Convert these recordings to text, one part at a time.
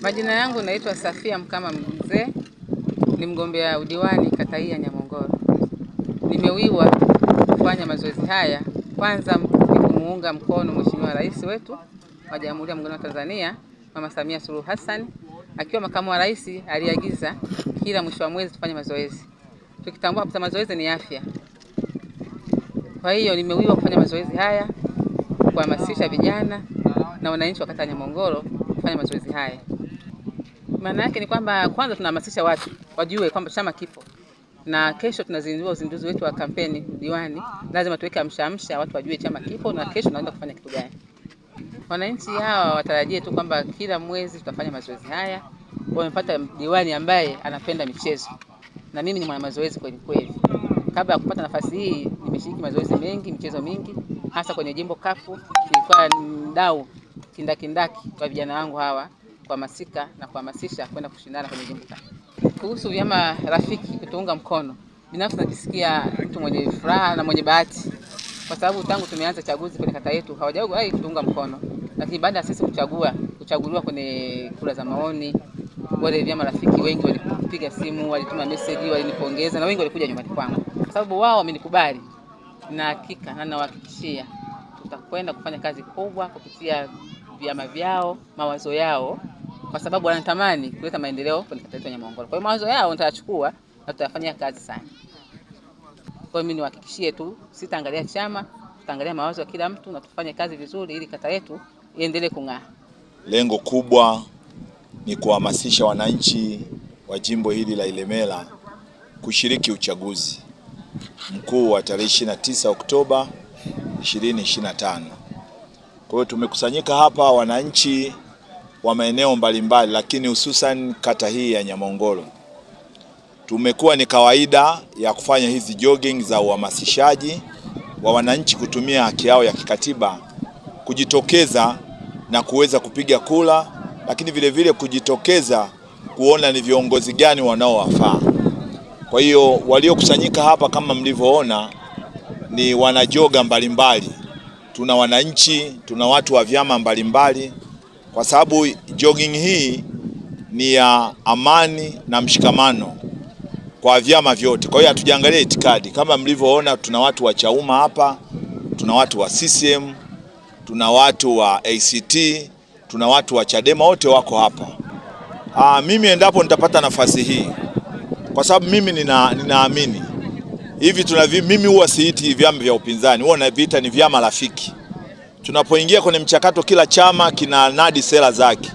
Majina yangu naitwa Safia Mkama Mzee, ni mgombea udiwani kata hii ya Nyamongoro. Nimewiwa kufanya mazoezi haya, kwanza ni kumuunga mkono Mheshimiwa Rais wetu wa Jamhuri ya Muungano wa Tanzania, Mama Samia Suluhu Hassan. Akiwa makamu wa rais, aliagiza kila mwisho wa mwezi tufanye mazoezi, tukitambua kwamba mazoezi ni afya. Kwa hiyo nimewiwa kufanya mazoezi haya, kuhamasisha vijana na wananchi wa kata ya Nyamongoro kufanya mazoezi haya maana yake ni kwamba kwanza tunahamasisha watu wajue kwamba chama kipo na kesho tunazindua uzinduzi wetu wa kampeni diwani. Lazima tuweke amshamsha watu wajue chama kipo na kesho tunaenda kufanya kitu gani. Wananchi hawa watarajie tu kwamba kila mwezi tutafanya mazoezi haya. Wamepata diwani ambaye anapenda michezo, na mimi ni mwana mazoezi kweli kweli. Kabla ya kupata nafasi hii nimeshiriki mazoezi mengi, michezo mingi, hasa kwenye jimbo kafu. Nilikuwa mdau kindakindaki kwa vijana wangu hawa kuhamasika na kuhamasisha kwenda kushindana kwenye Jimbuka. Kuhusu vyama rafiki kutuunga mkono, binafsi najisikia mtu mwenye furaha na mwenye bahati, kwa sababu tangu tumeanza chaguzi kwenye kata yetu hawajawahi kutuunga mkono, lakini baada ya sisi kuchagua kuchaguliwa kwenye kura za maoni, wale vyama rafiki wengi walipiga simu, walituma message, walinipongeza na wengi walikuja nyumbani kwangu, kwa sababu wao wamenikubali na hakika na nawahakikishia tutakwenda kufanya kazi kubwa kupitia vyama vyao, mawazo yao kwa sababu wanatamani kuleta maendeleo kwenye kata yetu ya Nyamahongolo. Kwa hiyo mawazo yao nitayachukua na tutayafanyia kazi sana. Kwa hiyo mimi niwahakikishie tu, sitaangalia chama, tutaangalia mawazo ya kila mtu na tufanye kazi vizuri ili kata yetu iendelee kung'aa. Lengo kubwa ni kuhamasisha wananchi wa jimbo hili la Ilemela kushiriki uchaguzi mkuu wa tarehe 29 Oktoba 2025. Kwa hiyo tumekusanyika hapa wananchi wa maeneo mbalimbali, lakini hususan kata hii ya Nyamongolo tumekuwa ni kawaida ya kufanya hizi jogging za uhamasishaji wa wananchi kutumia haki yao ya kikatiba kujitokeza na kuweza kupiga kula, lakini vile vile kujitokeza kuona ni viongozi gani wanaowafaa. Kwa hiyo waliokusanyika hapa kama mlivyoona ni wanajoga mbalimbali, tuna wananchi, tuna watu wa vyama mbalimbali kwa sababu jogging hii ni ya amani na mshikamano kwa vyama vyote. Kwa hiyo hatujaangalia itikadi, kama mlivyoona, tuna watu wa Chauma hapa, tuna watu wa CCM, tuna watu wa ACT, tuna watu wa Chadema, wote wako hapa. Aa, ah, mimi endapo nitapata nafasi hii, kwa sababu mimi nina, ninaamini hivi tuna mimi huwa siiti vyama vya upinzani, huwa naviita ni vyama rafiki. Tunapoingia kwenye mchakato, kila chama kinanadi sera zake.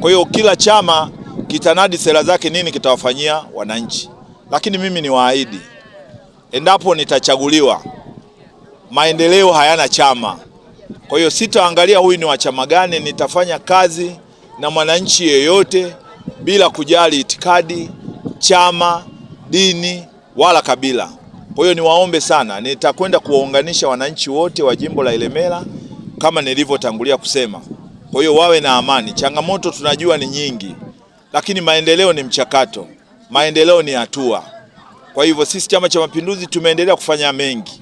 Kwa hiyo kila chama kitanadi sera zake, nini kitawafanyia wananchi. Lakini mimi ni waahidi, endapo nitachaguliwa, maendeleo hayana chama. Kwa hiyo sitaangalia huyu ni wa chama gani, nitafanya kazi na mwananchi yeyote bila kujali itikadi, chama, dini wala kabila. Kwa hiyo niwaombe sana, nitakwenda kuwaunganisha wananchi wote wa jimbo la Ilemela kama nilivyotangulia kusema. Kwa hiyo wawe na amani. Changamoto tunajua ni nyingi, lakini maendeleo ni mchakato, maendeleo ni hatua. Kwa hivyo sisi Chama cha Mapinduzi tumeendelea kufanya mengi.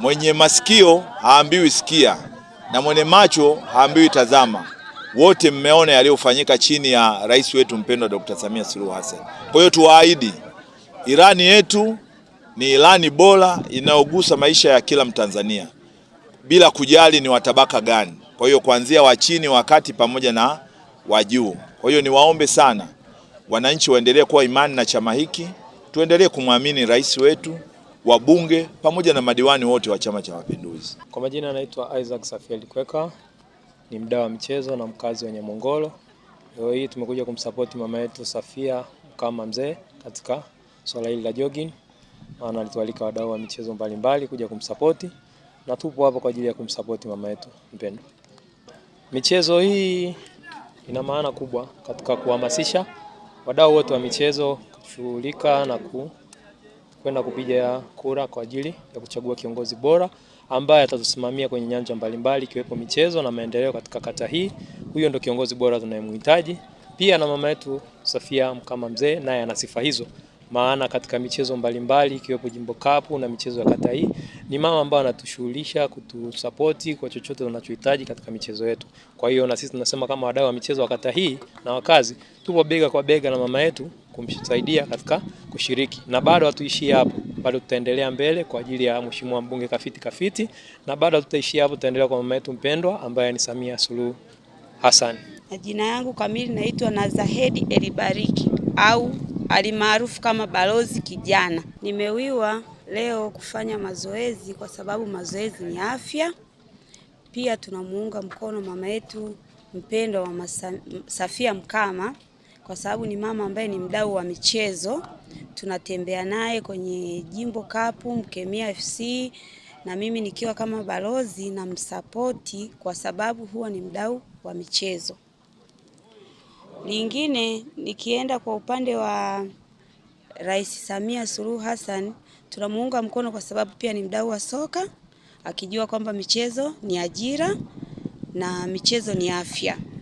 Mwenye masikio haambiwi sikia na mwenye macho haambiwi tazama. Wote mmeona yaliyofanyika chini ya rais wetu mpendwa Dr. Samia Suluhu Hassan. Kwa hiyo tuwaahidi, ilani yetu ni ilani bora inayogusa maisha ya kila Mtanzania bila kujali ni watabaka gani. Kwa hiyo kuanzia wa chini, wa kati pamoja na wa juu. Kwa hiyo niwaombe sana wananchi waendelee kuwa imani na chama hiki, tuendelee kumwamini rais wetu, wabunge pamoja na madiwani wote wa Chama cha Mapinduzi. Kwa majina anaitwa Isaac Safieli Kweka, ni mdau wa michezo na mkazi wa Nyamongolo. Leo hii tumekuja kumsapoti mama yetu Safia kama mzee katika swala hili la jogging, maana alitualika wadau wa michezo mbalimbali kuja kumsapoti na tupo hapa kwa ajili ya kumsapoti mama yetu mpendwa. Michezo hii ina maana kubwa katika kuhamasisha wadau wote wa michezo kushughulika na ku kwenda kupiga kura kwa ajili ya kuchagua kiongozi bora ambaye atatusimamia kwenye nyanja mbalimbali ikiwepo michezo na maendeleo katika kata hii. Huyo ndo kiongozi bora tunayemhitaji. Pia na mama yetu Safia Mkama Mzee naye ana sifa hizo maana katika michezo mbalimbali ikiwepo Jimbo Cup na michezo ya kata hii ni mama ambao anatushughulisha kutusapoti kwa chochote tunachohitaji katika michezo yetu. Kwa hiyo na sisi tunasema kama wadau wa michezo wa kata hii na wakazi, tupo bega kwa bega na mama yetu kumsaidia katika kushiriki, na bado hatuishii hapo, bado tutaendelea mbele kwa ajili ya mheshimiwa mbunge Kafiti Kafiti, na bado tutaishia hapo, tutaendelea kwa mama yetu mpendwa ambaye ni Samia Suluhu Hassan. Jina yangu kamili naitwa Nazahedi Elibariki au alimaarufu kama balozi kijana. Nimewiwa leo kufanya mazoezi kwa sababu mazoezi ni afya. Pia tunamuunga mkono mama yetu mpendwa Mama Safia Mkama kwa sababu ni mama ambaye ni mdau wa michezo. Tunatembea naye kwenye Jimbo kapu Mkemia FC na mimi nikiwa kama balozi na msapoti kwa sababu huwa ni mdau wa michezo. Lingine nikienda kwa upande wa Rais Samia Suluhu Hassan, tunamuunga mkono kwa sababu pia ni mdau wa soka, akijua kwamba michezo ni ajira na michezo ni afya.